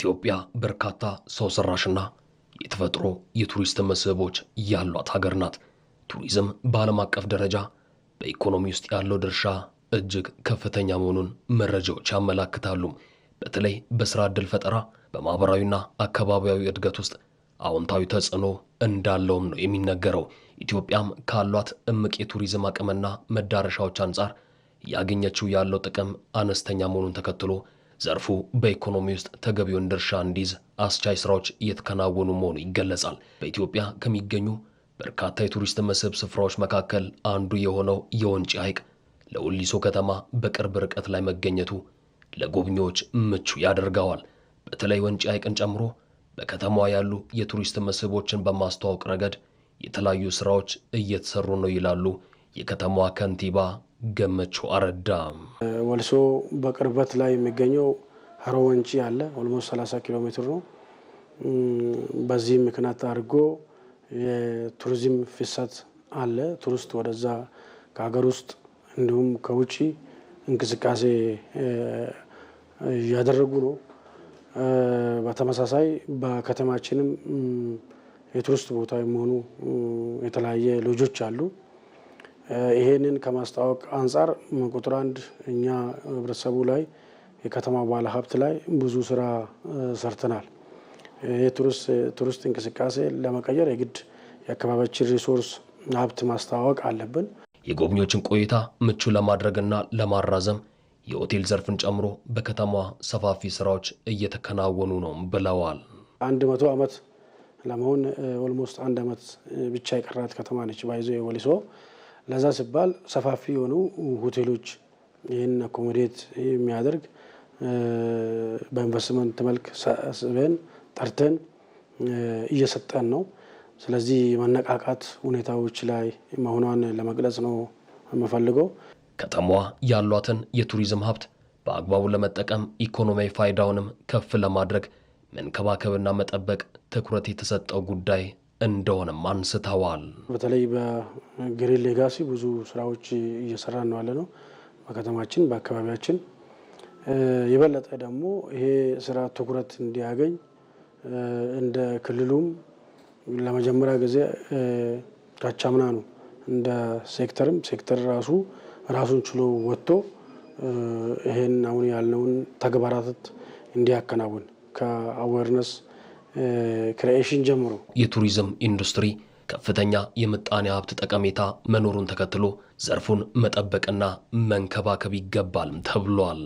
ኢትዮጵያ በርካታ ሰው ሰራሽና የተፈጥሮ የቱሪስት መስህቦች ያሏት ሀገር ናት። ቱሪዝም በዓለም አቀፍ ደረጃ በኢኮኖሚ ውስጥ ያለው ድርሻ እጅግ ከፍተኛ መሆኑን መረጃዎች ያመላክታሉ። በተለይ በስራ ዕድል ፈጠራ፣ በማኅበራዊና አካባቢያዊ እድገት ውስጥ አዎንታዊ ተጽዕኖ እንዳለውም ነው የሚነገረው። ኢትዮጵያም ካሏት እምቅ የቱሪዝም አቅምና መዳረሻዎች አንጻር እያገኘችው ያለው ጥቅም አነስተኛ መሆኑን ተከትሎ ዘርፉ በኢኮኖሚ ውስጥ ተገቢውን ድርሻ እንዲይዝ አስቻይ ስራዎች እየተከናወኑ መሆኑ ይገለጻል። በኢትዮጵያ ከሚገኙ በርካታ የቱሪስት መስህብ ስፍራዎች መካከል አንዱ የሆነው የወንጪ ሐይቅ ለወሊሶ ከተማ በቅርብ ርቀት ላይ መገኘቱ ለጎብኚዎች ምቹ ያደርገዋል። በተለይ ወንጪ ሐይቅን ጨምሮ በከተማዋ ያሉ የቱሪስት መስህቦችን በማስተዋወቅ ረገድ የተለያዩ ስራዎች እየተሰሩ ነው ይላሉ የከተማዋ ከንቲባ ገመቹ አረዳ ወልሶ በቅርበት ላይ የሚገኘው ሀሮ ወንጪ አለ። ኦልሞስት 30 ኪሎ ሜትር ነው። በዚህ ምክንያት አድርጎ የቱሪዝም ፍሰት አለ። ቱሪስት ወደዛ ከሀገር ውስጥ እንዲሁም ከውጭ እንቅስቃሴ እያደረጉ ነው። በተመሳሳይ በከተማችንም የቱሪስት ቦታ የሚሆኑ የተለያየ ሎጆች አሉ። ይሄንን ከማስታወቅ አንጻር ቁጥር አንድ እኛ ህብረተሰቡ ላይ የከተማ ባለ ሀብት ላይ ብዙ ስራ ሰርተናል። የቱሪስት እንቅስቃሴ ለመቀየር የግድ የአካባቢያችን ሪሶርስ ሀብት ማስተዋወቅ አለብን። የጎብኚዎችን ቆይታ ምቹ ለማድረግና ለማራዘም የሆቴል ዘርፍን ጨምሮ በከተማ ሰፋፊ ስራዎች እየተከናወኑ ነው ብለዋል። አንድ መቶ ዓመት ለመሆን ኦልሞስት አንድ ዓመት ብቻ የቀራት ከተማ ነች ባይዞ ወሊሶ ለዛ ሲባል ሰፋፊ የሆኑ ሆቴሎች ይህን አኮሞዴት የሚያደርግ በኢንቨስትመንት መልክ ስበን ጠርተን እየሰጠን ነው። ስለዚህ የመነቃቃት ሁኔታዎች ላይ መሆኗን ለመግለጽ ነው የምፈልገው። ከተማዋ ያሏትን የቱሪዝም ሀብት በአግባቡ ለመጠቀም ኢኮኖሚያዊ ፋይዳውንም ከፍ ለማድረግ መንከባከብና መጠበቅ ትኩረት የተሰጠው ጉዳይ እንደሆነም አንስተዋል። በተለይ በግሪን ሌጋሲ ብዙ ስራዎች እየሰራ ነው ያለ ነው በከተማችን በአካባቢያችን። የበለጠ ደግሞ ይሄ ስራ ትኩረት እንዲያገኝ እንደ ክልሉም ለመጀመሪያ ጊዜ ካቻምና ነው እንደ ሴክተርም ሴክተር ራሱ ራሱን ችሎ ወጥቶ ይሄን አሁን ያለውን ተግባራት እንዲያከናውን ከአዌርነስ ክሬኤሽን ጀምሮ የቱሪዝም ኢንዱስትሪ ከፍተኛ የምጣኔ ሀብት ጠቀሜታ መኖሩን ተከትሎ ዘርፉን መጠበቅና መንከባከብ ይገባል ተብሏል።